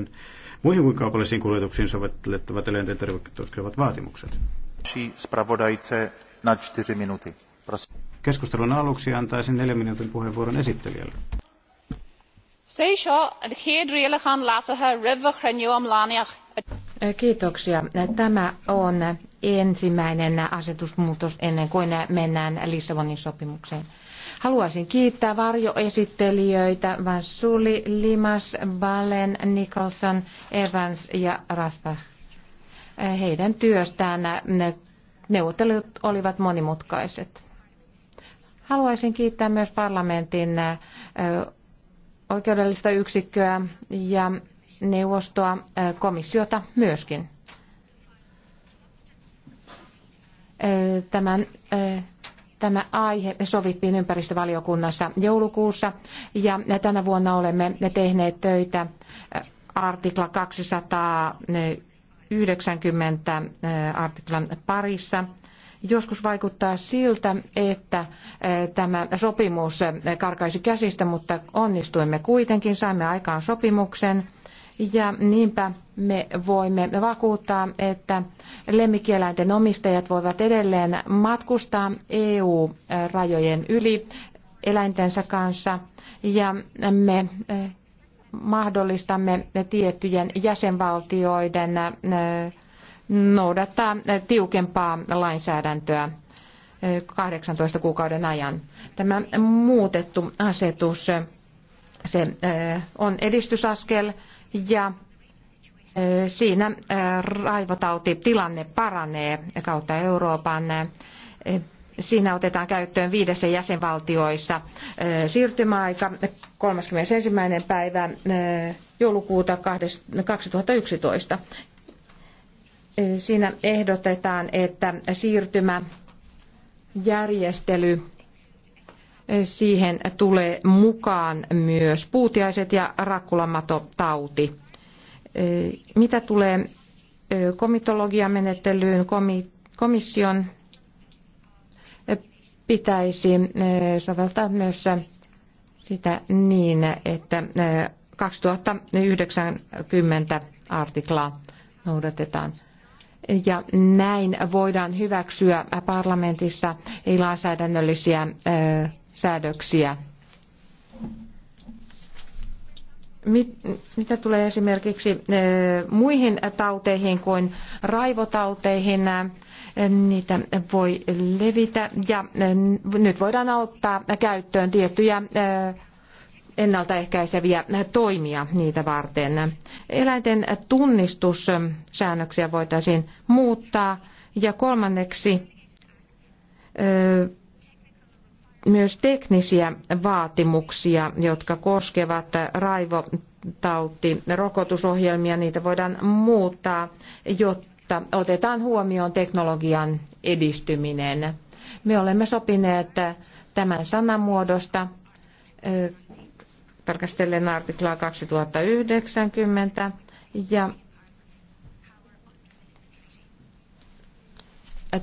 sitten muihin kuin kaupallisiin kuljetuksiin sovellettavat eläinten terveyttä koskevat vaatimukset. Keskustelun aluksi antaisin neljän minuutin puheenvuoron esittelijälle. Kiitoksia. Tämä on ensimmäinen asetusmuutos ennen kuin mennään Lissabonin sopimukseen. Haluaisin kiittää varjoesittelijöitä Vansuli Limas, Balen, Nicholson, Evans ja Rasbach heidän työstään. Ne neuvottelut olivat monimutkaiset. Haluaisin kiittää myös parlamentin oikeudellista yksikköä ja neuvostoa, komissiota myöskin. Tämän Tämä aihe sovittiin ympäristövaliokunnassa joulukuussa ja tänä vuonna olemme tehneet töitä artikla 290 artiklan parissa. Joskus vaikuttaa siltä, että tämä sopimus karkaisi käsistä, mutta onnistuimme kuitenkin, saimme aikaan sopimuksen ja niinpä me voimme vakuuttaa, että lemmikieläinten omistajat voivat edelleen matkustaa EU-rajojen yli eläintensä kanssa ja me eh, mahdollistamme tiettyjen jäsenvaltioiden eh, noudattaa tiukempaa lainsäädäntöä 18 eh, kuukauden ajan. Tämä muutettu asetus se on edistysaskel ja eh, siinä eh, raivotautitilanne paranee kautta Euroopan. Eh, siinä otetaan käyttöön viidessä jäsenvaltioissa siirtymäaika 31. päivä joulukuuta 2011. Siinä ehdotetaan, että siirtymäjärjestely Siihen tulee mukaan myös puutiaiset ja rakkulamatotauti. Eh, mitä tulee eh, komitologiamenettelyyn, komission eh, pitäisi soveltaa myös sitä niin, että 2090 artiklaa noudatetaan. Ja näin voidaan hyväksyä parlamentissa ei-lainsäädännöllisiä säädöksiä. Mitä tulee esimerkiksi eh, muihin tauteihin kuin raivotauteihin, eh, niitä voi levitä ja eh, nyt voidaan ottaa käyttöön tiettyjä ennaltaehkäiseviä toimia niitä varten. Eläinten tunnistussäännöksiä voitaisiin muuttaa ja kolmanneksi myös teknisiä vaatimuksia, jotka koskevat raivotauti rokotusohjelmia. Niitä voidaan muuttaa, jotta otetaan huomioon teknologian edistyminen. Me olemme sopineet tämän sanamuodosta eh, tarkastellen artiklaa 2090 ja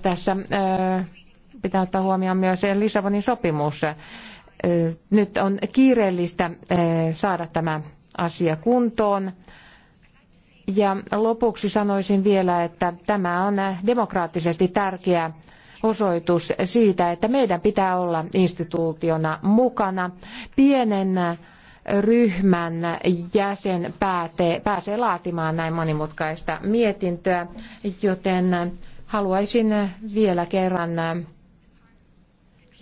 tässä eh, pitää ottaa huomioon myös Lissabonin sopimus. Nyt on kiireellistä saada tämä asia kuntoon. Ja lopuksi sanoisin vielä, että tämä on demokraattisesti tärkeä osoitus siitä, että meidän pitää olla instituutiona mukana. Pienen ryhmän jäsen päätee, pääsee laatimaan näin monimutkaista mietintöä, joten haluaisin vielä kerran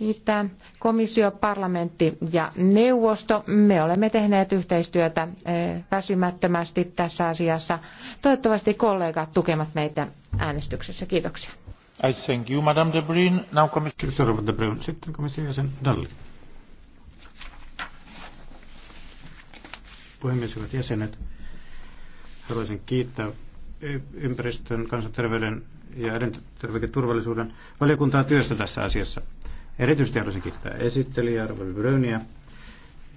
kiittää komissio, parlamentti ja neuvosto. Me olemme tehneet yhteistyötä eh, väsymättömästi tässä asiassa. Toivottavasti kollegat tukevat meitä äänestyksessä. Kiitoksia. I thank you, Madame de Bruyne. Now Commissioner de Bruyne. Sitten komission jäsen Dalli. Puhemies, hyvät jäsenet. Haluaisin kiittää ympäristön, kansanterveyden ja elintarviketurvallisuuden valiokuntaa työstä tässä asiassa. Erityisesti haluaisin kiittää esittelijä Arvel Bröniä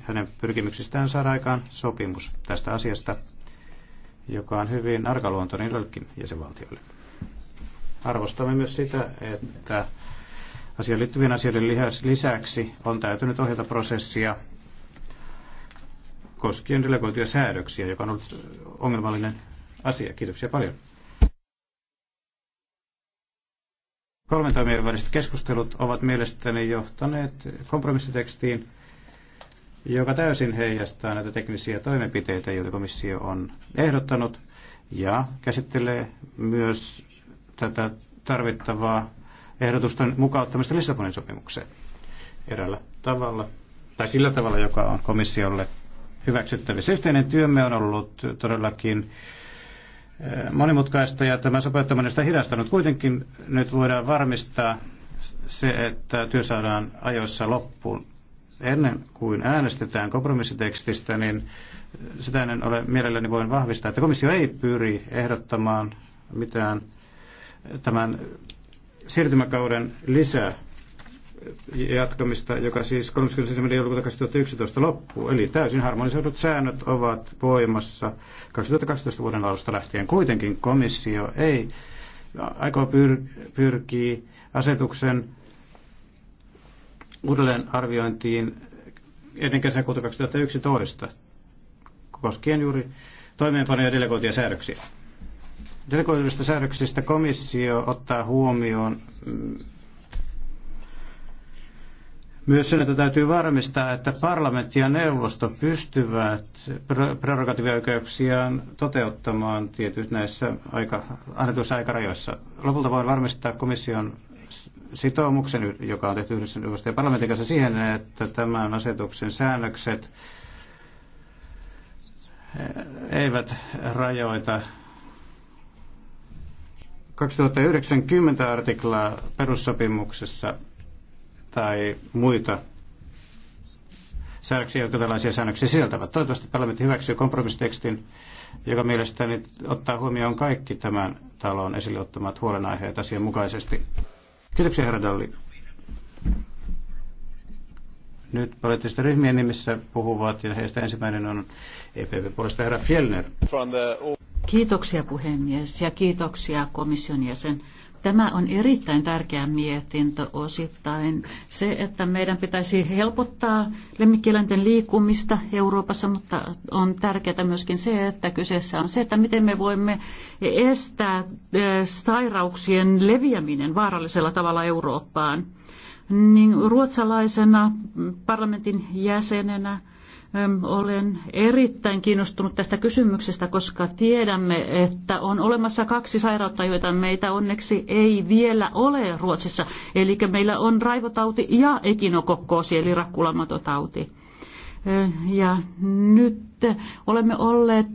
hänen pyrkimyksistään saada aikaan sopimus tästä asiasta, joka on hyvin arkaluontoinen joillekin jäsenvaltioille. Arvostamme myös sitä, että asiaan liittyvien asioiden lisäksi on täytynyt ohjata prosessia koskien delegoituja säädöksiä, joka on ollut ongelmallinen asia. Kiitoksia paljon. Kolmen toimijan väliset keskustelut ovat mielestäni johtaneet kompromissitekstiin, joka täysin heijastaa näitä teknisiä toimenpiteitä, joita komissio on ehdottanut, ja käsittelee myös tätä tarvittavaa ehdotusten mukauttamista Lissabonin sopimukseen erällä tavalla, tai sillä tavalla, joka on komissiolle hyväksyttävissä. Yhteinen työmme on ollut todellakin monimutkaista ja tämä sopeuttaminen sitä hidastanut. Kuitenkin nyt voidaan varmistaa se, että työ saadaan ajoissa loppuun. Ennen kuin äänestetään kompromissitekstistä, niin sitä en ole mielelläni voin vahvistaa, että komissio ei pyri ehdottamaan mitään tämän siirtymäkauden lisää jatkamista, joka siis 31. joulukuuta 2011 loppuu. Eli täysin harmonisoidut säännöt ovat voimassa 2012 vuoden alusta lähtien. Kuitenkin komissio ei aikoo pyr- pyrkii asetuksen uudelleenarviointiin ennen kesäkuuta 2011 koskien juuri toimeenpanoja delegoituja säädöksiä. Delegoiduista säädöksistä komissio ottaa huomioon myös sen, että täytyy varmistaa, että parlamentti ja neuvosto pystyvät prerogatiivioikeuksiaan toteuttamaan tietyt näissä aika, annetuissa aikarajoissa. Lopulta voin varmistaa komission sitoumuksen, joka on tehty yhdessä neuvoston ja parlamentin kanssa siihen, että tämän asetuksen säännökset eh, eivät rajoita 2090 artiklaa perussopimuksessa tai muita säännöksiä, jotka tällaisia säännöksiä sisältävät. Toivottavasti parlamentti hyväksyy kompromissitekstin, joka mielestäni ottaa huomioon kaikki tämän talon esille ottamat huolenaiheet asianmukaisesti. Kiitoksia, herra Dalli. Nyt poliittisten ryhmien nimissä puhuvat, ja heistä ensimmäinen on EPP puolesta herra Fjellner. Kiitoksia puhemies ja kiitoksia komission jäsen Tämä on erittäin tärkeä mietintö osittain. Se, että meidän pitäisi helpottaa lemmikkieläinten liikkumista Euroopassa, mutta on tärkeää myöskin se, että kyseessä on se, että miten me voimme estää eh, sairauksien leviäminen vaarallisella tavalla Eurooppaan. Niin ruotsalaisena parlamentin jäsenenä olen erittäin kiinnostunut tästä kysymyksestä, koska tiedämme, että on olemassa kaksi sairautta, joita meitä onneksi ei vielä ole Ruotsissa. Eli meillä on raivotauti ja ekinokokkoosi, eli rakkulammatotauti. Eh, ja nyt olemme olleet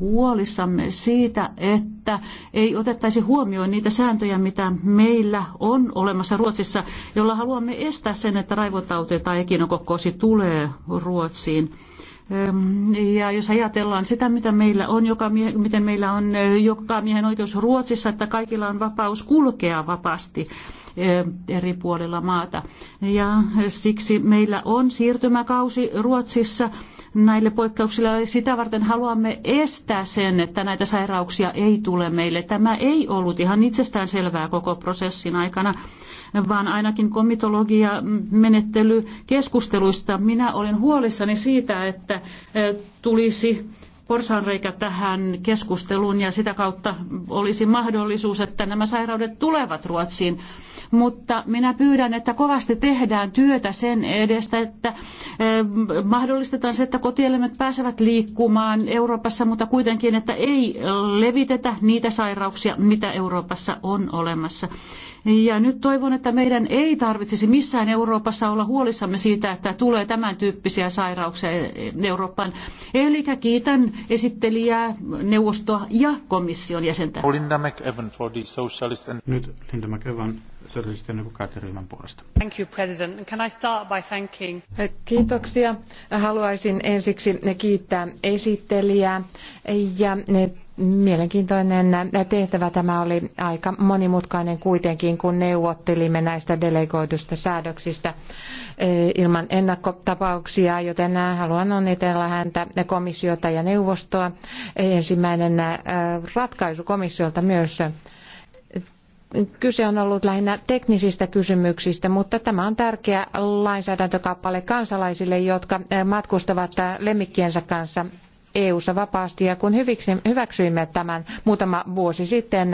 huolissamme siitä, että ei otettaisi huomioon niitä sääntöjä, mitä meillä on olemassa Ruotsissa, jolla haluamme estää sen, että raivotauti tai ekinokokkoosi tulee Ruotsiin. Eh, ja jos ajatellaan sitä, mitä meillä on, joka mie- miten meillä on eh, joka miehen oikeus Ruotsissa, että kaikilla on vapaus kulkea vapaasti, eri puolilla maata. Ja siksi meillä on siirtymäkausi Ruotsissa näille poikkeuksille. Sitä varten haluamme estää sen, että näitä sairauksia ei tule meille. Tämä ei ollut ihan itsestään selvää koko prosessin aikana, vaan ainakin komitologia menettely keskusteluista. Minä olin huolissani siitä, että tulisi porsanreikä tähän keskusteluun ja sitä kautta olisi mahdollisuus, että nämä sairaudet tulevat Ruotsiin. Mutta minä pyydän, että kovasti tehdään työtä sen edestä, että eh, mahdollistetaan se, että kotieläimet pääsevät liikkumaan Euroopassa, mutta kuitenkin, että ei levitetä niitä sairauksia, mitä Euroopassa on olemassa. Ja nyt toivon, että meidän ei tarvitsisi missään Euroopassa olla huolissamme siitä, että tulee tämän tyyppisiä sairauksia Eurooppaan. Eli kiitän esittelijää, neuvostoa ja komission jäsentä. Linda McEwan for the Socialist and... Nyt Linda McEwan sosialistien demokraattiryhmän puolesta. Thank you, President. Can I start by thanking... Kiitoksia. Haluaisin ensiksi kiittää esittelijää ja Mielenkiintoinen tehtävä tämä oli aika monimutkainen kuitenkin, kun neuvottelimme näistä delegoidusta säädöksistä eh, ilman ennakkotapauksia, joten haluan onnitella häntä komissiota ja neuvostoa. Ensimmäinen eh, ratkaisu komissiolta myös Kyse on ollut lähinnä teknisistä kysymyksistä, mutta tämä on tärkeä lainsäädäntökappale kansalaisille, jotka eh, matkustavat lemmikkiensä kanssa EU-ssa vapaasti ja kun hyväksyimme tämän muutama vuosi sitten,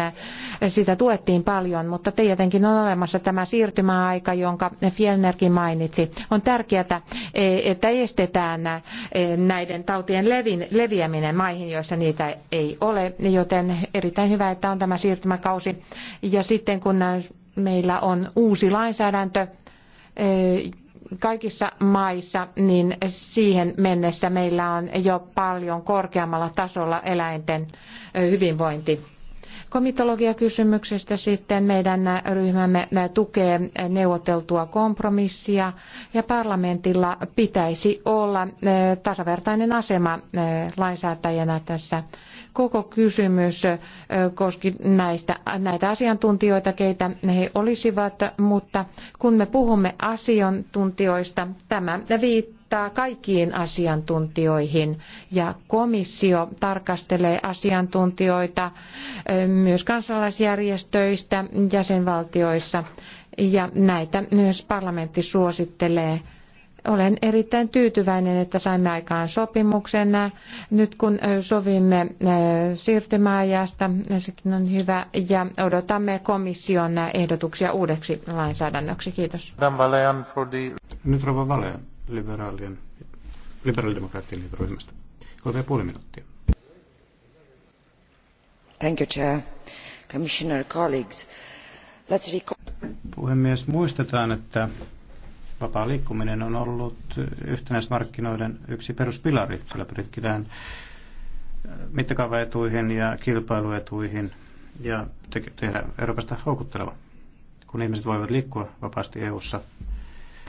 sitä tuettiin paljon, mutta tietenkin on olemassa tämä siirtymäaika, jonka Fjellnerkin mainitsi. On tärkeää, että estetään näiden tautien leviäminen maihin, joissa niitä ei ole, joten erittäin hyvä, että on tämä siirtymäkausi. Ja sitten kun meillä on uusi lainsäädäntö, kaikissa maissa, niin siihen mennessä meillä on jo paljon korkeammalla tasolla eläinten hyvinvointi Komitologiakysymyksestä sitten meidän ryhmämme tukee neuvoteltua kompromissia ja parlamentilla pitäisi olla eh, tasavertainen asema eh, lainsäätäjänä tässä. Koko kysymys eh, koski näistä, näitä asiantuntijoita, keitä he olisivat, mutta kun me puhumme asiantuntijoista, tämä viittaa luottaa kaikkiin asiantuntijoihin ja komissio tarkastelee asiantuntijoita myös kansalaisjärjestöistä jäsenvaltioissa ja näitä myös parlamentti suosittelee. Olen erittäin tyytyväinen, että saimme aikaan sopimuksen. Nyt kun sovimme siirtymäajasta, sekin on hyvä, ja odotamme komission ehdotuksia uudeksi lainsäädännöksi. Kiitos. Nyt Rova Valean liberaalien, liberaalidemokraattien liitoryhmästä. Kolme ja puoli minuuttia. Thank you, Chair. Commissioner, colleagues. Let's recall... Puhemies, muistetaan, että vapaa liikkuminen on ollut yhtenäismarkkinoiden yksi peruspilari. Sillä pyritään mittakaavaetuihin ja kilpailuetuihin ja tehdä Euroopasta houkutteleva. Kun ihmiset voivat liikkua vapaasti EU:ssa,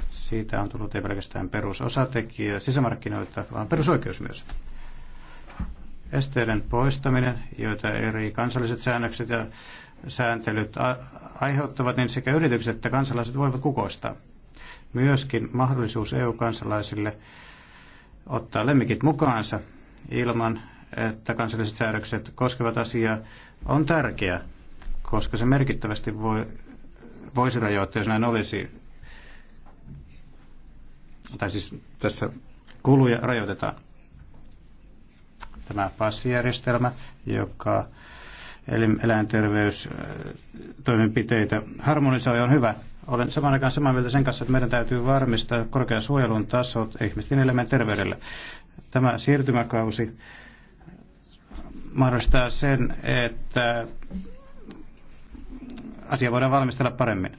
siitä on tullut ei pelkästään perusosatekijä sisämarkkinoita, vaan perusoikeus myös. Esteiden poistaminen, joita eri kansalliset säännökset ja sääntelyt aiheuttavat, niin sekä yritykset että kansalaiset voivat kukoistaa. Myöskin mahdollisuus EU-kansalaisille ottaa lemmikit mukaansa ilman, että kansalliset säädökset koskevat asiaa, on tärkeä, koska se merkittävästi voi, voisi rajoittaa, jos näin olisi, tai siis tässä kuluja rajoitetaan. Tämä passijärjestelmä, joka eläinterveystoimenpiteitä äh, harmonisoi, on hyvä. Olen saman aikaan samaa mieltä sen kanssa, että meidän täytyy varmistaa korkea suojelun tasot ihmisten elämän terveydelle. Tämä siirtymäkausi mahdollistaa sen, että asia voidaan valmistella paremmin.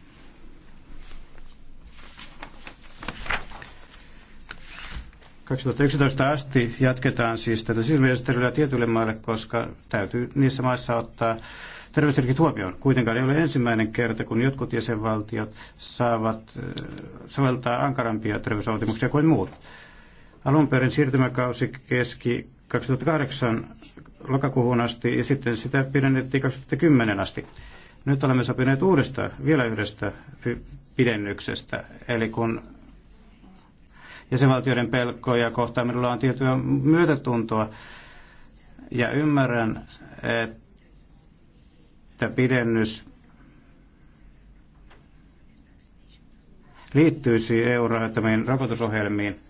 2011 asti jatketaan siis tätä silmiestelyä tietyille maille, koska täytyy niissä maissa ottaa terveysriskit huomioon. Kuitenkaan ei ole ensimmäinen kerta, kun jotkut jäsenvaltiot saavat äh, soveltaa ankarampia terveysvaatimuksia kuin muut. Alun perin siirtymäkausi keski 2008 lokakuuhun asti ja sitten sitä pidennettiin 2010 asti. Nyt olemme sopineet uudesta, vielä yhdestä pidennyksestä, eli kun jäsenvaltioiden pelkoja kohtaan. Minulla on tiettyä myötätuntoa ja ymmärrän, että pidennys liittyisi EU-rahoittamiin rokotusohjelmiin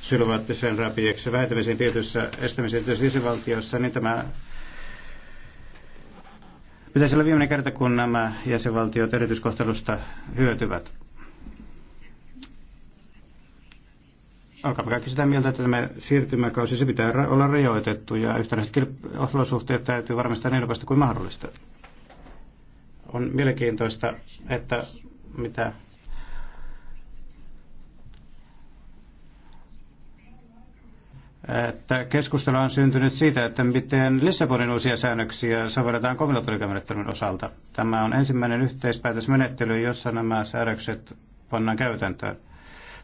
sylvaattisen rapieksi väitämisen tietyissä estämisen tietyissä jäsenvaltioissa, niin tämä pitäisi olla viimeinen kerta, kun nämä jäsenvaltiot erityiskohtelusta hyötyvät. olkaamme kaikki sitä mieltä, että tämä siirtymäkausi se pitää olla rajoitettu ja yhtenäiset olosuhteet täytyy varmistaa niin nopeasti kuin mahdollista. On mielenkiintoista, että mitä että keskustelu on syntynyt siitä, että miten Lissabonin uusia säännöksiä sovelletaan kombinatoriikamenettelyn osalta. Tämä on ensimmäinen yhteispäätösmenettely, jossa nämä säädökset pannaan käytäntöön.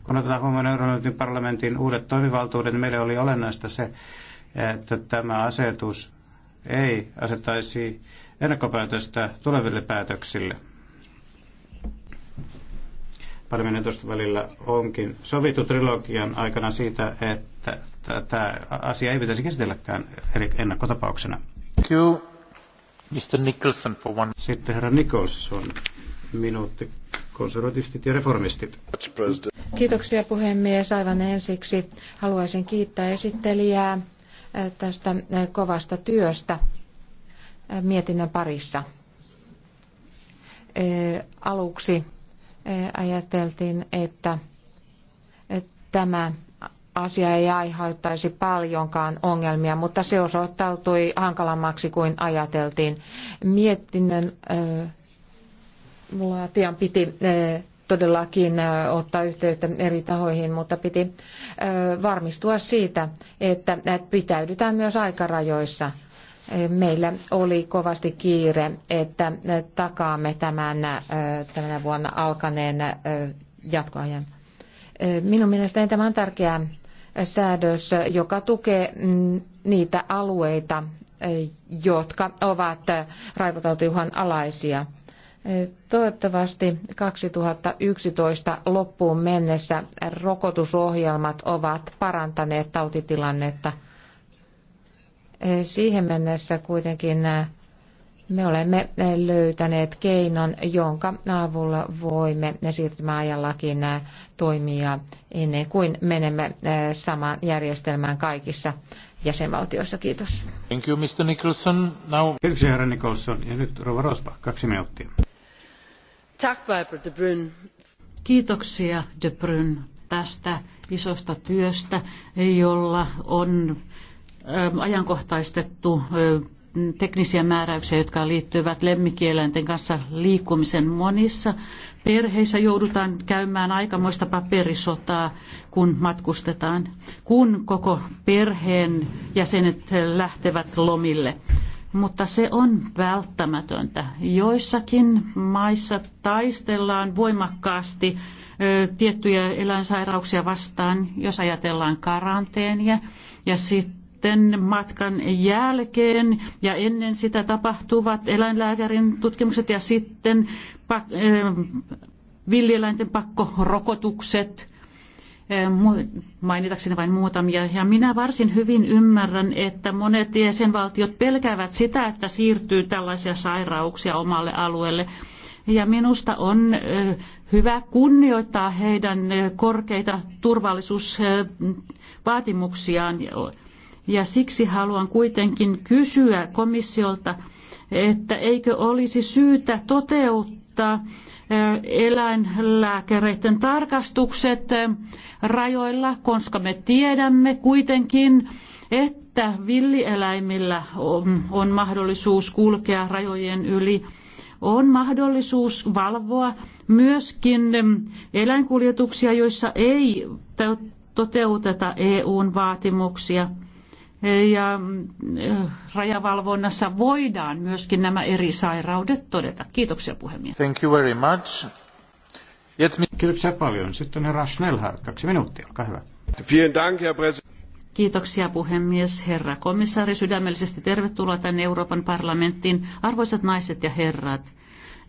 Kun otetaan huomioon Euroopan parlamentin uudet toimivaltuudet, niin meille oli olennaista se, että tämä asetus ei asettaisi ennakkopäätöstä tuleville päätöksille. Parlamentin välillä onkin sovittu trilogian aikana siitä, että tämä asia ei pitäisi käsitelläkään ennakkotapauksena. Mr. Nicholson for one. Sitten herra Nicholson, minuutti konservatistit ja reformistit. Kiitoksia puhemies. Aivan ensiksi haluaisin kiittää esittelijää tästä kovasta työstä mietinnön parissa. Aluksi ajateltiin, että tämä asia ei aiheuttaisi paljonkaan ongelmia, mutta se osoittautui hankalammaksi kuin ajateltiin. Mietinnön Mulla pian piti eh, todellakin eh, ottaa yhteyttä eri tahoihin, mutta piti eh, varmistua siitä, että pitäydytään myös aikarajoissa. Meillä oli kovasti kiire, että takaamme tämän, tämän vuonna alkaneen jatkoajan. Minun mielestäni tämä on tärkeä säädös, joka tukee mm, niitä alueita, jotka ovat raivotautujuhan alaisia – Toivottavasti 2011 loppuun mennessä rokotusohjelmat ovat parantaneet tautitilannetta. Siihen mennessä kuitenkin me olemme löytäneet keinon, jonka avulla voimme siirtymäajallakin toimia ennen kuin menemme samaan järjestelmään kaikissa jäsenvaltioissa. Kiitos. Thank you, Mr. Nicholson. Now... Kiitoksia, herra Nicholson. Ja nyt Rova Rospa, kaksi minuuttia. Kiitoksia De Bruyne tästä isosta työstä, jolla on ähm, ajankohtaistettu äh, teknisiä määräyksiä, jotka liittyvät lemmikkieläinten kanssa liikkumisen monissa. Perheissä joudutaan käymään aikamoista paperisotaa, kun matkustetaan, kun koko perheen jäsenet lähtevät lomille mutta se on välttämätöntä. Joissakin maissa taistellaan voimakkaasti ö, tiettyjä eläinsairauksia vastaan, jos ajatellaan karanteenia ja sitten matkan jälkeen ja ennen sitä tapahtuvat eläinlääkärin tutkimukset ja sitten pak- ö, villieläinten pakkorokotukset – Eh, mainitakseni vain muutamia. Ja minä varsin hyvin ymmärrän, että monet jäsenvaltiot pelkäävät sitä, että siirtyy tällaisia sairauksia omalle alueelle. Ja minusta on eh, hyvä kunnioittaa heidän eh, korkeita turvallisuusvaatimuksiaan. Ja siksi haluan kuitenkin kysyä komissiolta, että eikö olisi syytä toteuttaa eläinlääkäreiden tarkastukset rajoilla, koska me tiedämme kuitenkin, että villieläimillä on mahdollisuus kulkea rajojen yli on mahdollisuus valvoa myöskin eläinkuljetuksia, joissa ei toteuteta EUn vaatimuksia ja eh, rajavalvonnassa voidaan myöskin nämä eri sairaudet todeta. Kiitoksia puhemies. Thank you very much. me... Kiitoksia paljon. Sitten herra Schnellhardt, kaksi minuuttia, olkaa hyvä. Vielen Dank, herr Kiitoksia puhemies, herra komissaari, sydämellisesti tervetuloa tänne Euroopan parlamenttiin. Arvoisat naiset ja herrat,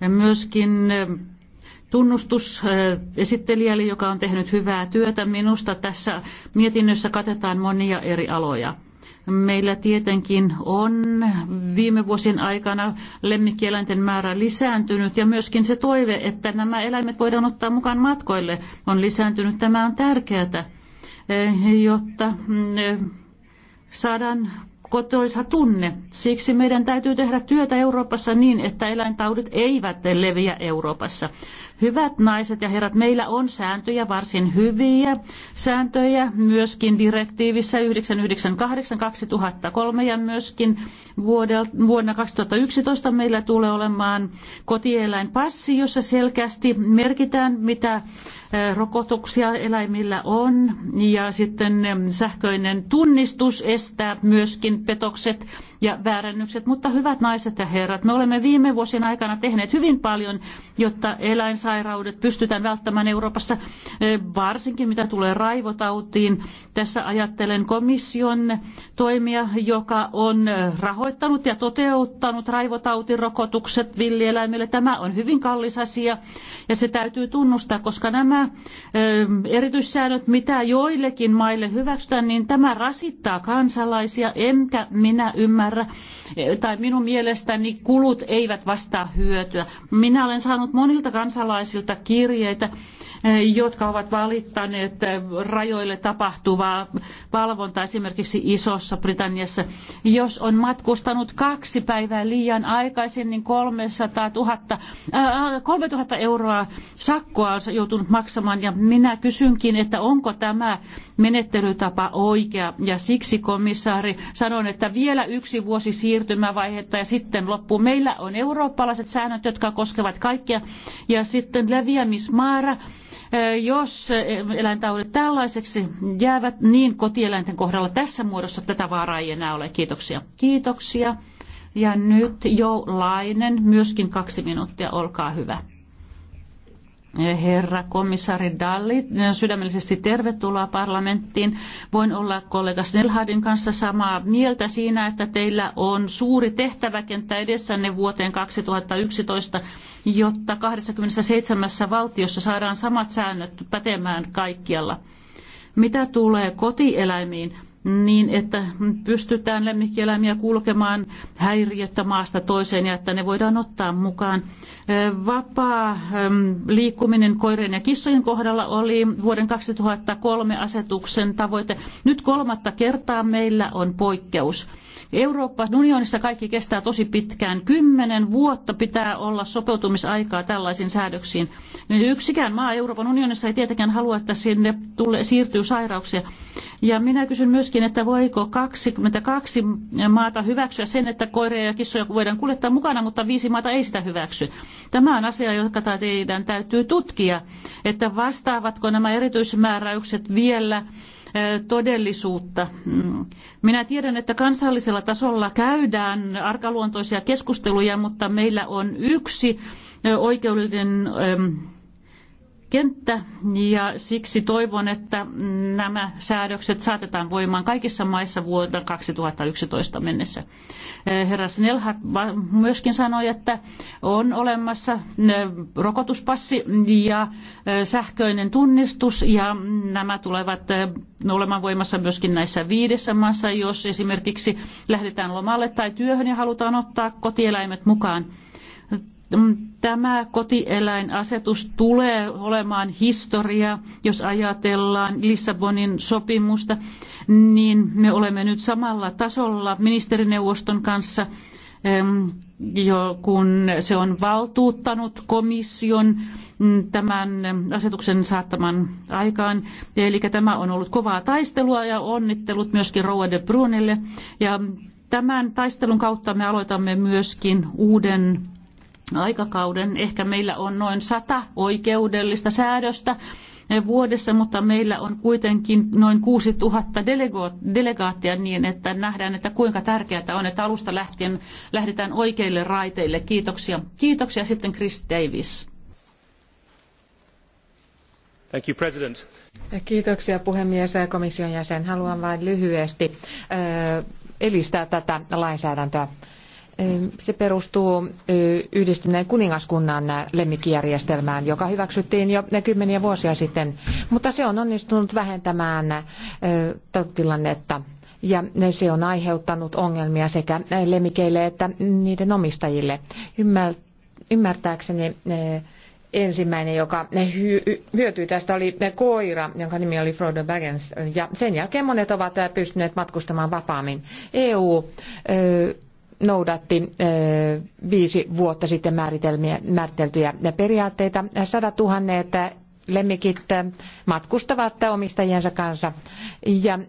myöskin eh, tunnustus eh, esittelijälle, joka on tehnyt hyvää työtä. Minusta tässä mietinnössä katetaan monia eri aloja. Meillä tietenkin on viime vuosien aikana lemmikkieläinten määrä lisääntynyt ja myöskin se toive, että nämä eläimet voidaan ottaa mukaan matkoille on lisääntynyt. Tämä on tärkeää, eh, jotta mm, eh, saadaan kotoisa tunne. Siksi meidän täytyy tehdä työtä Euroopassa niin, että eläintaudit eivät leviä Euroopassa. Hyvät naiset ja herrat, meillä on sääntöjä, varsin hyviä sääntöjä, myöskin direktiivissä 998-2003 ja myöskin vuonna 2011 meillä tulee olemaan kotieläinpassi, jossa selkeästi merkitään, mitä rokotuksia eläimillä on ja sitten sähköinen tunnistus estää myöskin petokset ja väärännykset. Mutta hyvät naiset ja herrat, me olemme viime vuosien aikana tehneet hyvin paljon, jotta eläin sairaudet pystytään välttämään Euroopassa, eh, varsinkin mitä tulee raivotautiin. Tässä ajattelen komission toimia, joka on eh, rahoittanut ja toteuttanut raivotautirokotukset villieläimille. Tämä on hyvin kallis asia ja se täytyy tunnustaa, koska nämä eh, erityissäännöt, mitä joillekin maille hyväksytään, niin tämä rasittaa kansalaisia, enkä minä ymmärrä, tai minun mielestäni kulut eivät vastaa hyötyä. Minä olen saanut monilta kansalaisilta kansalaisilta kirjeitä Eh, jotka ovat valittaneet rajoille tapahtuvaa valvontaa esimerkiksi Isossa Britanniassa. Jos on matkustanut kaksi päivää liian aikaisin, niin 300 000, äh, 3000 euroa sakkoa on joutunut maksamaan. Ja minä kysynkin, että onko tämä menettelytapa oikea. Ja siksi komissaari sanon, että vielä yksi vuosi siirtymävaihetta ja sitten loppu Meillä on eurooppalaiset säännöt, jotka koskevat kaikkia. Ja sitten leviämismäärä jos eläintaudit tällaiseksi jäävät, niin kotieläinten kohdalla tässä muodossa tätä vaaraa ei enää ole. Kiitoksia. Kiitoksia. Ja nyt Jo Lainen, myöskin kaksi minuuttia, olkaa hyvä. Herra komissaari Dalli, sydämellisesti tervetuloa parlamenttiin. Voin olla kollega Snellhardin kanssa samaa mieltä siinä, että teillä on suuri tehtäväkenttä edessänne vuoteen 2011 jotta 27 valtiossa saadaan samat säännöt pätemään kaikkialla. Mitä tulee kotieläimiin, niin, että pystytään lemmikkieläimiä kulkemaan häiriöttä maasta toiseen ja että ne voidaan ottaa mukaan. Vapaa liikkuminen koirien ja kissojen kohdalla oli vuoden 2003 asetuksen tavoite. Nyt kolmatta kertaa meillä on poikkeus. Euroopan unionissa kaikki kestää tosi pitkään. Kymmenen vuotta pitää olla sopeutumisaikaa tällaisiin säädöksiin. Niin yksikään maa Euroopan unionissa ei tietenkään halua, että sinne tulee, siirtyy sairauksia. Ja minä kysyn myöskin, myöskin, että voiko 22 maata hyväksyä sen, että koiria ja kissoja voidaan kuljettaa mukana, mutta viisi maata ei sitä hyväksy. Tämä on asia, joka teidän täytyy tutkia, että vastaavatko nämä erityismääräykset vielä todellisuutta. Mm. Minä tiedän, että kansallisella tasolla käydään arkaluontoisia keskusteluja, mutta meillä on yksi oikeudellinen kenttä ja siksi toivon, että nämä säädökset saatetaan voimaan kaikissa maissa vuonna 2011 mennessä. Eh, herra Snellhack myöskin sanoi, että on olemassa eh, rokotuspassi ja eh, sähköinen tunnistus ja nämä tulevat olemaan voimassa myöskin näissä viidessä maassa, jos esimerkiksi lähdetään lomalle tai työhön ja halutaan ottaa kotieläimet mukaan Mm, tämä kotieläinasetus tulee olemaan historia, jos ajatellaan Lissabonin sopimusta, niin me olemme nyt samalla tasolla ministerineuvoston kanssa, kun se on valtuuttanut komission mm, tämän asetuksen saattaman aikaan. Eli tämä on ollut kovaa taistelua ja onnittelut myöskin Rouva de Brunelle. Ja tämän taistelun kautta me aloitamme myöskin uuden aikakauden. Ehkä meillä on noin sata oikeudellista säädöstä vuodessa, mutta meillä on kuitenkin noin 6000 delega- delegaattia niin, että nähdään, että kuinka tärkeää on, että alusta lähtien lähdetään oikeille raiteille. Kiitoksia. Kiitoksia sitten Chris Davis. Thank you, President. Kiitoksia puhemies ja komission jäsen. Haluan vain lyhyesti elistää tätä lainsäädäntöä. Se perustuu yhdistyneen kuningaskunnan lemmikkijärjestelmään, joka hyväksyttiin jo kymmeniä vuosia sitten, mutta se on onnistunut vähentämään tuota tilannetta ja se on aiheuttanut ongelmia sekä lemmikeille että niiden omistajille. Ymmärtääkseni ensimmäinen, joka hyötyi tästä, oli koira, jonka nimi oli Frodo Baggins. Ja sen jälkeen monet ovat pystyneet matkustamaan vapaammin. EU noudatti viisi vuotta sitten määriteltyjä periaatteita. Sadat tuhannet lemmikit matkustavat omistajiensa kanssa ja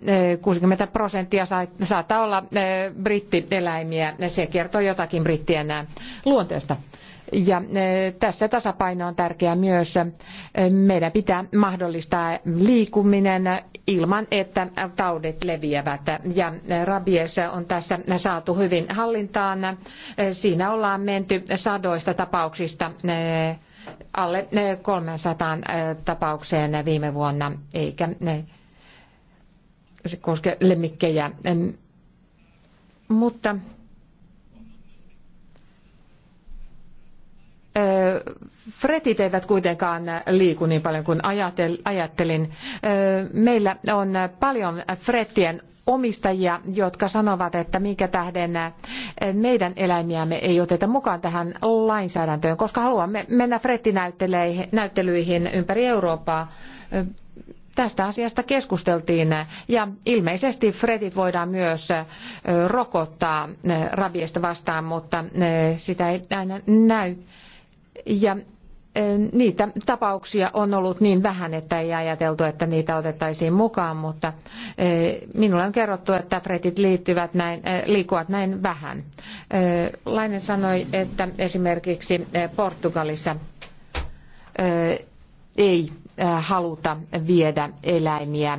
60 prosenttia saattaa olla brittieläimiä. Se kertoo jotakin brittien luonteesta. Ja eh, tässä tasapaino on tärkeä myös. Eh, meidän pitää mahdollistaa liikkuminen ilman, että taudit leviävät. Ja eh, rabies on tässä saatu hyvin hallintaan. Siinä ollaan menty sadoista tapauksista alle 300 tapaukseen viime vuonna, eikä se koske lemmikkejä. Mutta fretit eivät kuitenkaan liiku niin paljon kuin ajattelin. Meillä on paljon frettien omistajia, jotka sanovat, että minkä tähden meidän eläimiämme ei oteta mukaan tähän lainsäädäntöön, koska haluamme mennä frettinäyttelyihin ympäri Eurooppaa. Tästä asiasta keskusteltiin ja ilmeisesti fretit voidaan myös rokottaa rabiesta vastaan, mutta sitä ei aina näy. Ja e, niitä tapauksia on ollut niin vähän, että ei ajateltu, että niitä otettaisiin mukaan, mutta e, minulle on kerrottu, että fretit liittyvät näin, e, liikkuvat näin vähän. Lainen sanoi, että esimerkiksi Portugalissa ei haluta viedä eläimiä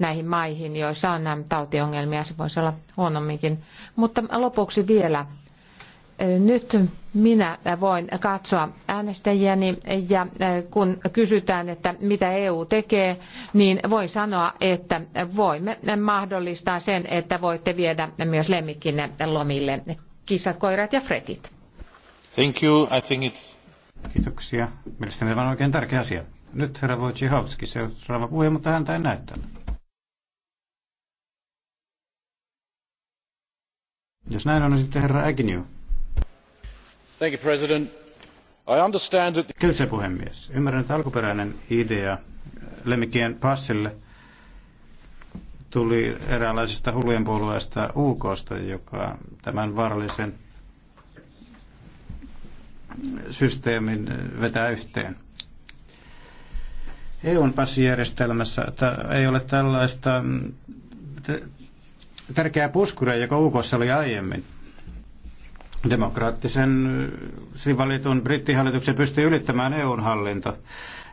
näihin maihin, joissa on nämä tautiongelmia. Se voisi olla huonomminkin. Mutta lopuksi vielä nyt minä voin katsoa äänestäjiäni ja kun kysytään, että mitä EU tekee, niin voin sanoa, että voimme mahdollistaa sen, että voitte viedä myös lemmikkinne lomille kissat, koirat ja fretit. Thank you. I think it's... Kiitoksia. Mielestäni tämä on oikein tärkeä asia. Nyt herra Wojciechowski, seuraava puhuja, mutta häntä ei näyttänyt. Jos näin on, niin sitten herra Agnew. Kyllä puhemies. Ymmärrän, että alkuperäinen idea äh, lemmikkien passille tuli eräänlaisesta hullujen puolueesta UKsta, joka tämän vaarallisen systeemin äh, vetää yhteen. EUn passijärjestelmässä ei ole tällaista mm, tärkeää puskuria, joka UKssa oli aiemmin demokraattisen äh, valitun brittihallituksen pystyy ylittämään eu hallinto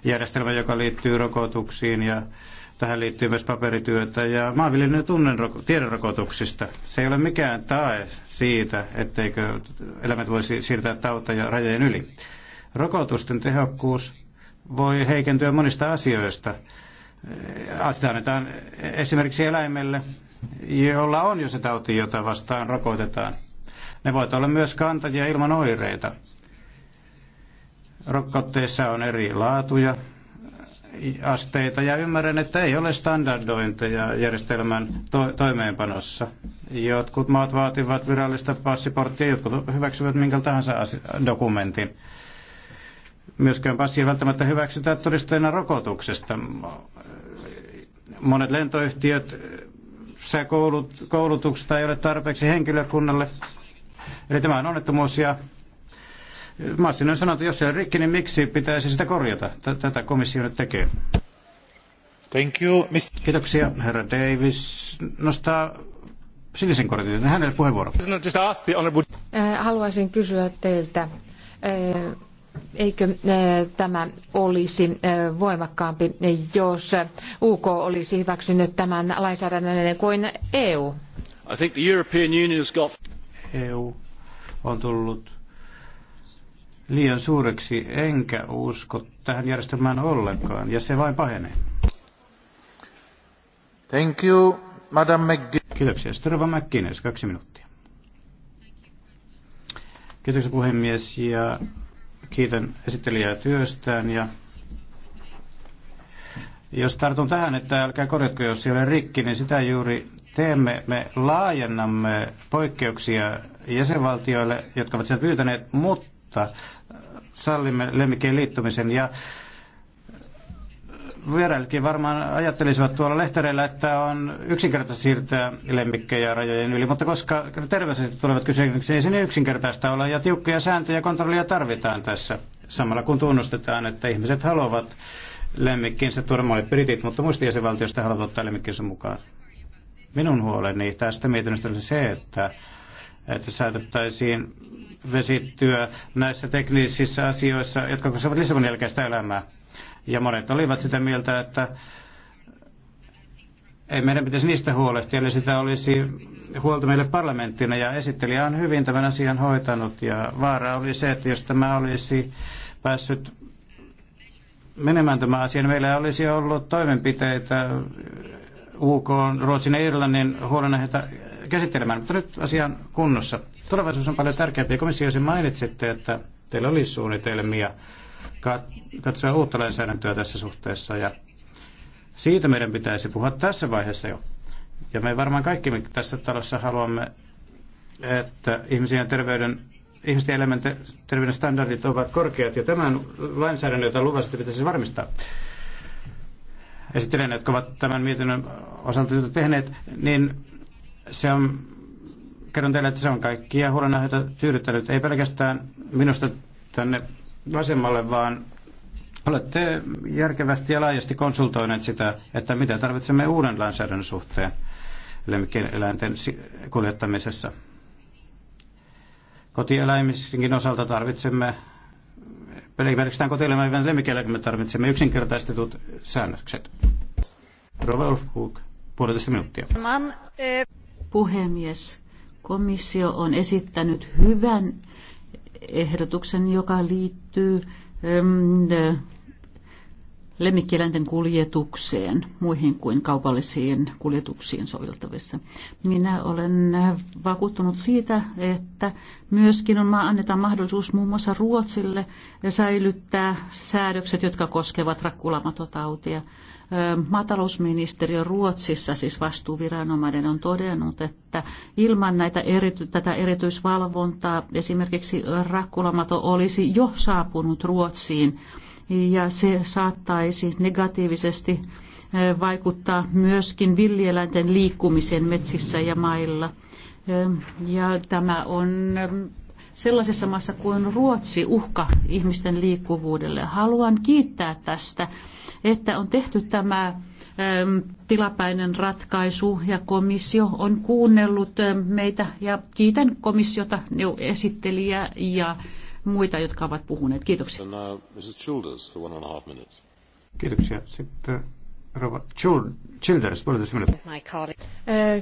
järjestelmä, joka liittyy rokotuksiin ja tähän liittyy myös paperityötä ja maanviljelijöiden tunnen tiedon rokotuksista. Se ei ole mikään tae siitä, etteikö eläimet voisi siirtää tauta ja rajojen yli. Rokotusten tehokkuus voi heikentyä monista asioista. Äh, sitä annetaan esimerkiksi eläimelle, jolla on jo se tauti, jota vastaan rokotetaan – ne voivat olla myös kantajia ilman oireita. Rokotteissa on eri laatuja, asteita ja ymmärrän, että ei ole standardointeja järjestelmän to- toimeenpanossa. Jotkut maat vaativat virallista passiporttia, jotkut hyväksyvät minkä tahansa dokumentin. Myöskään passia välttämättä hyväksytä todisteena rokotuksesta. Monet lentoyhtiöt sä koulut, koulutuksesta ei ole tarpeeksi henkilökunnalle Eli tämä on onnettomuus ja Massinen sanonut, että jos se on rikki, niin miksi pitäisi sitä korjata? Tätä komissio nyt tekee. Thank you, Mr. Kiitoksia, herra Davis. Nostaa sinisen kortin. Hänelle puheenvuoro. Äh, haluaisin kysyä teiltä, äh, eikö äh, tämä olisi voimakkaampi, jos UK olisi hyväksynyt tämän lainsäädännön kuin EU? I think the European Union has got EU on tullut liian suureksi, enkä usko tähän järjestelmään ollenkaan, ja se vain pahenee. Thank you, Madam McGuinness. Kiitoksia. Styrva McGuinness, kaksi minuuttia. Kiitoksia puhemies ja kiitän esittelijää työstään ja jos tartun tähän, että älkää korjatko, jos ei ole rikki, niin sitä juuri teemme, me laajennamme poikkeuksia jäsenvaltioille, jotka ovat sen pyytäneet, mutta sallimme lemmikkien liittymisen ja vierailikin varmaan ajattelisivat tuolla lehtereillä, että on yksinkertaista siirtää lemmikkejä rajojen yli, mutta koska terveiset tulevat kysymyksiin, ei sinne niin yksinkertaista olla ja tiukkoja sääntöjä ja kontrollia tarvitaan tässä. Samalla kun tunnustetaan, että ihmiset haluavat lemmikkinsä turmoille britit, mutta muista jäsenvaltioista haluavat ottaa lemmikkinsä mukaan. Minun huoleni tästä mietinnöstä oli se, että, että saatettaisiin vesittyä näissä teknisissä asioissa, jotka koskevat Lissabonin jälkeistä elämää. Ja monet olivat sitä mieltä, että ei meidän pitäisi niistä huolehtia, eli sitä olisi huolta meille parlamenttina, ja esittelijä on hyvin tämän asian hoitanut, ja vaara oli se, että jos tämä olisi päässyt menemään tämä asia, niin meillä olisi ollut toimenpiteitä UK, Ruotsin ja Irlannin huolenaiheita käsittelemään, mutta nyt asian kunnossa. Tulevaisuus on paljon tärkeämpi. Komissiossa mainitsitte, että teillä oli suunnitelmia katsoa uutta lainsäädäntöä tässä suhteessa ja siitä meidän pitäisi puhua tässä vaiheessa jo. Ja me varmaan kaikki me tässä talossa haluamme, että ihmisen terveyden ihmisten elämän terveyden standardit ovat korkeat ja tämän lainsäädännön, jota luvasitte, pitäisi varmistaa esittelijänne, jotka ovat tämän mietinnön osalta tehneet, niin se on, kerron teille, että se on kaikkia huolenaiheita tyydyttänyt. Ei pelkästään minusta tänne vasemmalle, vaan olette järkevästi ja laajasti konsultoineet sitä, että mitä tarvitsemme uuden lainsäädännön suhteen eläinten kuljettamisessa. Kotieläimissäkin osalta tarvitsemme ei pelkästään kotieläimen vaan lemmikieläimen me tarvitsemme yksinkertaistetut säännökset. Rova Ulfkuk, puolitoista minuuttia. Eh, Puhemies, komissio on esittänyt hyvän ehdotuksen, joka liittyy lemmikkieläinten kuljetukseen, muihin kuin kaupallisiin kuljetuksiin soveltavissa. Minä olen vakuuttunut siitä, että myöskin on, annetaan mahdollisuus muun muassa Ruotsille säilyttää säädökset, jotka koskevat rakkulamatotautia. Maatalousministeriö Ruotsissa, siis vastuuviranomainen, on todennut, että ilman näitä eri, tätä erityisvalvontaa esimerkiksi rakkulamato olisi jo saapunut Ruotsiin – ja se saattaisi negatiivisesti vaikuttaa myöskin villieläinten liikkumiseen metsissä ja mailla. Ja tämä on sellaisessa maassa kuin Ruotsi uhka ihmisten liikkuvuudelle. Haluan kiittää tästä, että on tehty tämä tilapäinen ratkaisu ja komissio on kuunnellut meitä ja kiitän komissiota, esittelijä ja muita, jotka ovat puhuneet. Kiitoksia. Uh, kiitoksia. Sitten uh, Rova Childers,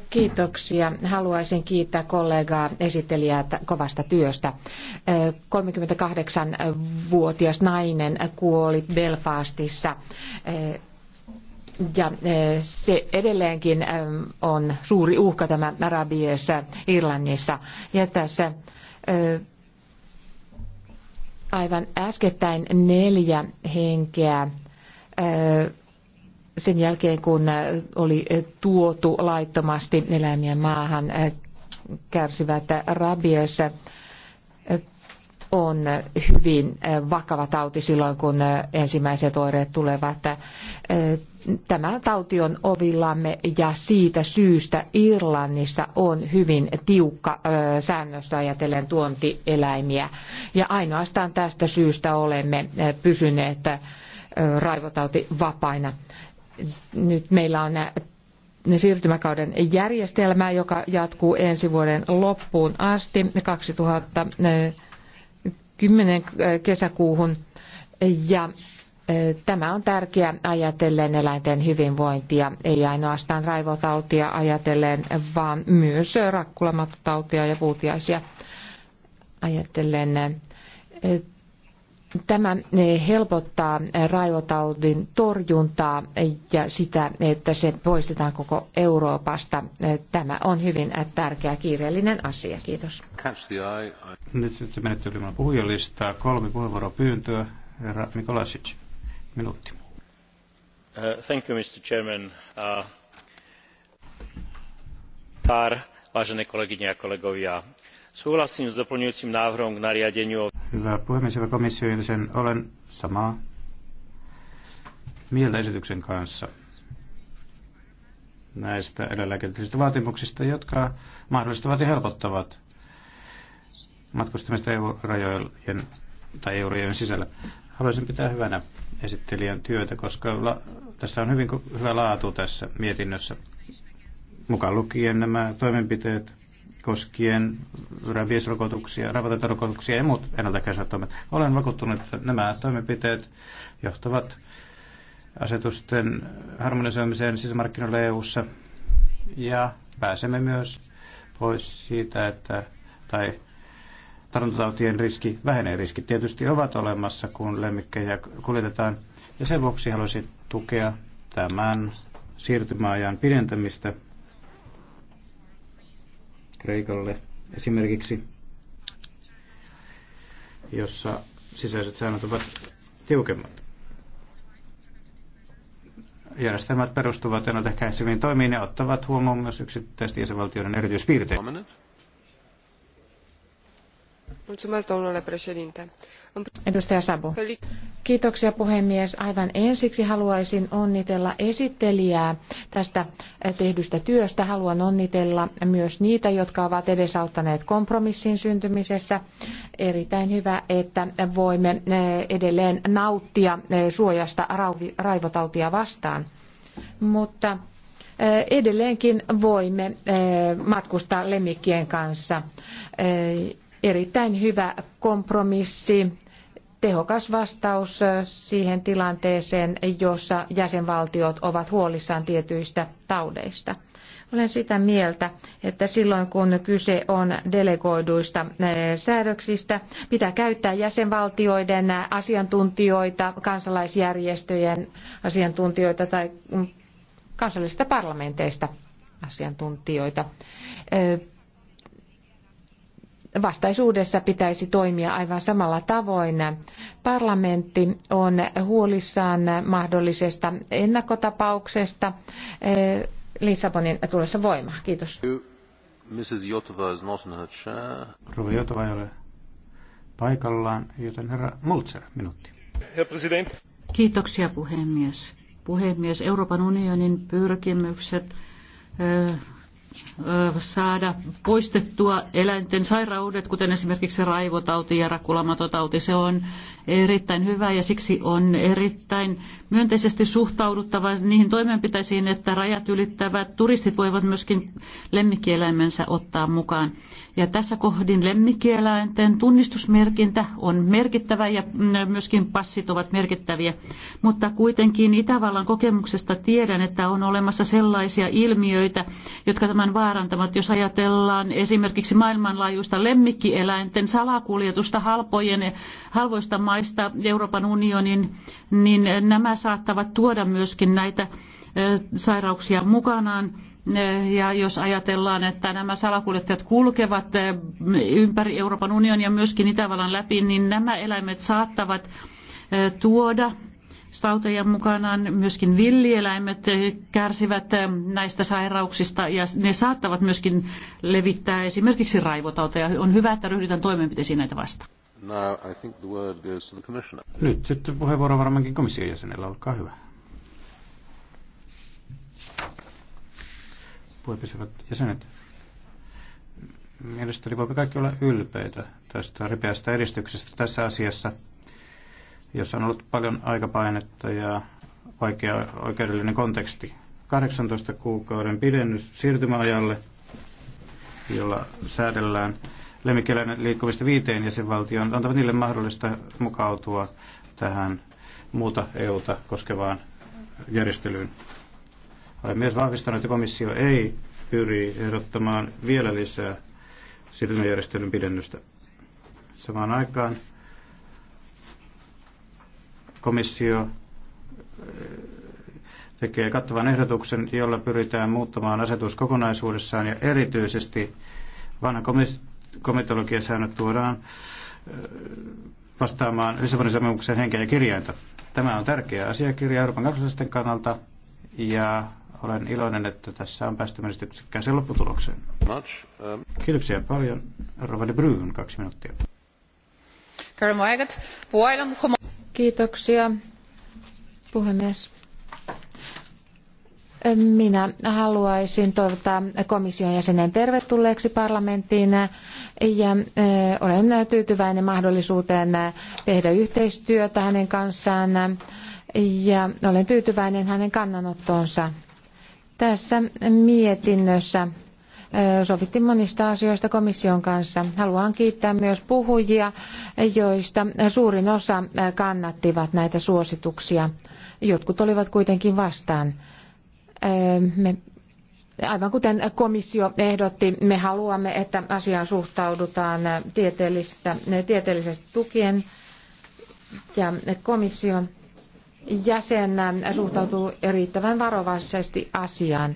Kiitoksia. Haluaisin kiittää kollegaa esittelijää kovasta työstä. 38-vuotias nainen kuoli Belfastissa ja se edelleenkin on suuri uhka tämä Arabiassa, Irlannissa. Ja tässä aivan äskettäin neljä henkeä sen jälkeen, kun oli tuotu laittomasti eläimiä maahan, kärsivät rabiessa on hyvin vakava tauti silloin, kun ensimmäiset oireet tulevat. Tämä tauti on ovillamme ja siitä syystä Irlannissa on hyvin tiukka säännöstä ajatellen tuontieläimiä. Ja ainoastaan tästä syystä olemme pysyneet raivotauti vapaina. Nyt meillä on siirtymäkauden järjestelmä, joka jatkuu ensi vuoden loppuun asti 2000 10. Äh, kesäkuuhun. Ja äh, Tämä on tärkeä ajatellen eläinten hyvinvointia, ei ainoastaan raivotautia ajatellen, vaan myös rakkulamatontautia ja puutiaisia ajatellen. Äh, Tämä eh, helpottaa eh, rajotaudin torjuntaa ja sitä, että se poistetaan koko Euroopasta. Eh, tämä on hyvin tärkeä kiireellinen asia. Kiitos. Nyt sitten menettelymään puhujalistaa. Kolme puheenvuoropyyntöä. Herra Mikolasic, minuutti. Uh, thank you, Mr. Chairman. Uh, pár, vážené kolegyne a kolegovia. Súhlasím s doplňujúcim návrhom k nariadeniu o Hyvä puhemies, hyvä komissio, sen olen samaa mieltä esityksen kanssa näistä edelläkäytetyistä vaatimuksista, jotka mahdollistavat ja helpottavat matkustamista EU-rajojen tai eu sisällä. Haluaisin pitää hyvänä esittelijän työtä, koska la- tässä on hyvin hyvä laatu tässä mietinnössä, mukaan lukien nämä toimenpiteet, koskien rabiesrokotuksia, rokotuksia ja muut toimet. Olen vakuuttunut, että nämä toimenpiteet johtavat asetusten harmonisoimiseen sisämarkkinoilla EU-ssa ja pääsemme myös pois siitä, että tai tartuntatautien riski vähenee. Riskit tietysti ovat olemassa, kun lemmikkejä kuljetetaan. Ja sen vuoksi haluaisin tukea tämän siirtymäajan pidentämistä Kreikalle esimerkiksi, jossa sisäiset säännöt ovat tiukemmat. Järjestelmät perustuvat ennaltaehkäiseviin toimiin ja ottavat huomioon myös yksittäisten jäsenvaltioiden erityispiirteitä. Edustaja Sabo. Kiitoksia puhemies. Aivan ensiksi haluaisin onnitella esittelijää tästä tehdystä työstä. Haluan onnitella myös niitä, jotka ovat edesauttaneet kompromissin syntymisessä. Erittäin hyvä, että voimme eh, edelleen nauttia eh, suojasta raivotautia vastaan. Mutta eh, edelleenkin voimme matkustaa lemmikkien kanssa erittäin hyvä kompromissi, tehokas vastaus siihen tilanteeseen, jossa jäsenvaltiot ovat huolissaan tietyistä taudeista. Olen sitä mieltä, että silloin kun kyse on delegoiduista eh, säädöksistä, pitää käyttää jäsenvaltioiden asiantuntijoita, kansalaisjärjestöjen asiantuntijoita tai kansallisista parlamenteista asiantuntijoita. Eh, vastaisuudessa pitäisi toimia aivan samalla tavoin. Parlamentti on huolissaan mahdollisesta ennakkotapauksesta eh, Lissabonin tullessa voimaan. Kiitos. Mrs. Jotova is not in her chair. Jotova ei ole paikallaan, joten herra Mulzer, minuutti. Herr President. Kiitoksia puhemies. Puhemies, Euroopan unionin pyrkimykset eh, saada poistettua eläinten sairaudet, kuten esimerkiksi raivotauti ja rakulammatotauti. Se on erittäin hyvä ja siksi on erittäin myönteisesti suhtauduttava niihin toimenpiteisiin, että rajat ylittävät turistit voivat myöskin lemmikkieläimensä ottaa mukaan. Ja tässä kohdin lemmikkieläinten tunnistusmerkintä on merkittävä ja myöskin passit ovat merkittäviä. Mutta kuitenkin Itävallan kokemuksesta tiedän, että on olemassa sellaisia ilmiöitä, jotka tämän vaarantavat. Jos ajatellaan esimerkiksi maailmanlaajuista lemmikkieläinten salakuljetusta halpojen, halvoista maista Euroopan unionin, niin nämä saattavat tuoda myöskin näitä sairauksia mukanaan. Ja jos ajatellaan, että nämä salakuljettajat kulkevat ympäri Euroopan unionia myöskin Itävallan läpi, niin nämä eläimet saattavat tuoda tauteja mukanaan. Myöskin villieläimet kärsivät näistä sairauksista ja ne saattavat myöskin levittää esimerkiksi raivotauteja. On hyvä, että ryhdytään toimenpiteisiin näitä vastaan. Now I think the word goes to the commissioner. Nyt sitten puheenvuoro varmaankin komission jäsenellä, olkaa hyvä. Puheenpesivät jäsenet, mielestäni voimme kaikki olla ylpeitä tästä ripeästä edistyksestä tässä asiassa, jossa on ollut paljon aikapainetta ja vaikea oikeudellinen konteksti. 18 kuukauden pidennys siirtymäajalle, jolla säädellään lemmikkieläinen liikkuvista viiteen jäsenvaltioon antavat niille mahdollista mukautua tähän muuta EUta koskevaan järjestelyyn. Olen myös vahvistanut, että komissio ei pyri ehdottamaan vielä lisää siirtymäjärjestelyn pidennystä. Samaan aikaan komissio eh, tekee kattavan ehdotuksen, jolla pyritään muuttamaan asetus kokonaisuudessaan ja erityisesti vanha komis- komitologiasäännöt tuodaan vastaamaan Lissabonin sopimuksen henkeä ja kirjainta. Tämä on tärkeä asiakirja Euroopan kansalaisten kannalta ja olen iloinen, että tässä on päästy menestyksekkääseen lopputulokseen. Much, um... Kiitoksia paljon. Rovani Bryyn, kaksi minuuttia. Um, Kiitoksia, puhemies. Minä haluaisin toivottaa komission jäsenen tervetulleeksi parlamenttiin ja eh, olen tyytyväinen mahdollisuuteen tehdä yhteistyötä hänen kanssaan ja olen tyytyväinen hänen kannanottoonsa. Tässä mietinnössä eh, sovittiin monista asioista komission kanssa. Haluan kiittää myös puhujia, joista suurin osa eh, kannattivat näitä suosituksia. Jotkut olivat kuitenkin vastaan me Aivan kuten komissio ehdotti, me haluamme, että asiaan suhtaudutaan tieteellisesti tukien ja komission jäsen suhtautuu erittävän varovaisesti asiaan.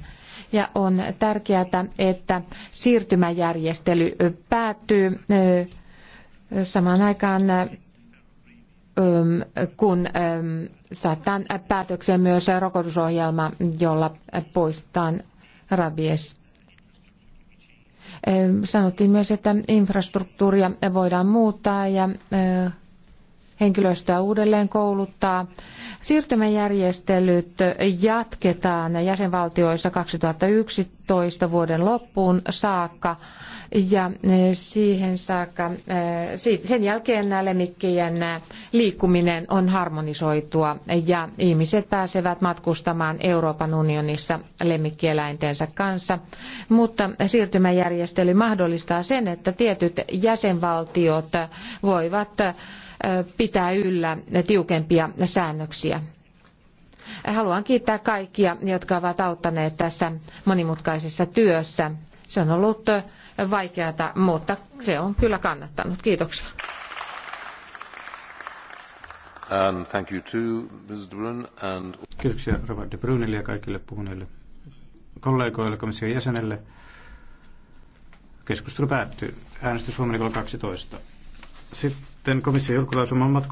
Ja on tärkeää, että siirtymäjärjestely päättyy samaan aikaan kun saattaa päätökseen myös rokotusohjelma, jolla poistetaan rabies. Sanottiin myös, että infrastruktuuria voidaan muuttaa ja henkilöstöä uudelleen kouluttaa. Siirtymäjärjestelyt jatketaan jäsenvaltioissa 2011 vuoden loppuun saakka ja eh, siihen saakka, eh, sen jälkeen nämä lemmikkien liikkuminen on harmonisoitua ja ihmiset pääsevät matkustamaan Euroopan unionissa lemmikkieläintensä kanssa, mutta siirtymäjärjestely mahdollistaa sen, että tietyt jäsenvaltiot voivat pitää yllä tiukempia säännöksiä. Haluan kiittää kaikkia, jotka ovat auttaneet tässä monimutkaisessa työssä. Se on ollut vaikeata, mutta se on kyllä kannattanut. Kiitoksia. And thank you Ms. De Bruyne, and... Kiitoksia Robert De Bruynelle ja kaikille puhuneille kollegoille, komission jäsenelle. Keskustelu päättyy. Äänestys huomenna kello 12. Sitten komission julkilausuman matko